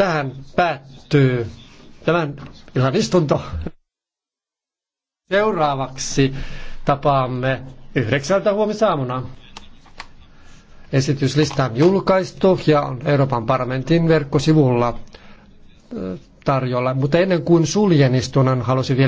Tähän päättyy tämän illan istunto. Seuraavaksi tapaamme yhdeksältä huomisaamuna. Esityslista on julkaistu ja on Euroopan parlamentin verkkosivulla tarjolla, mutta ennen kuin suljen istunnan halusin vielä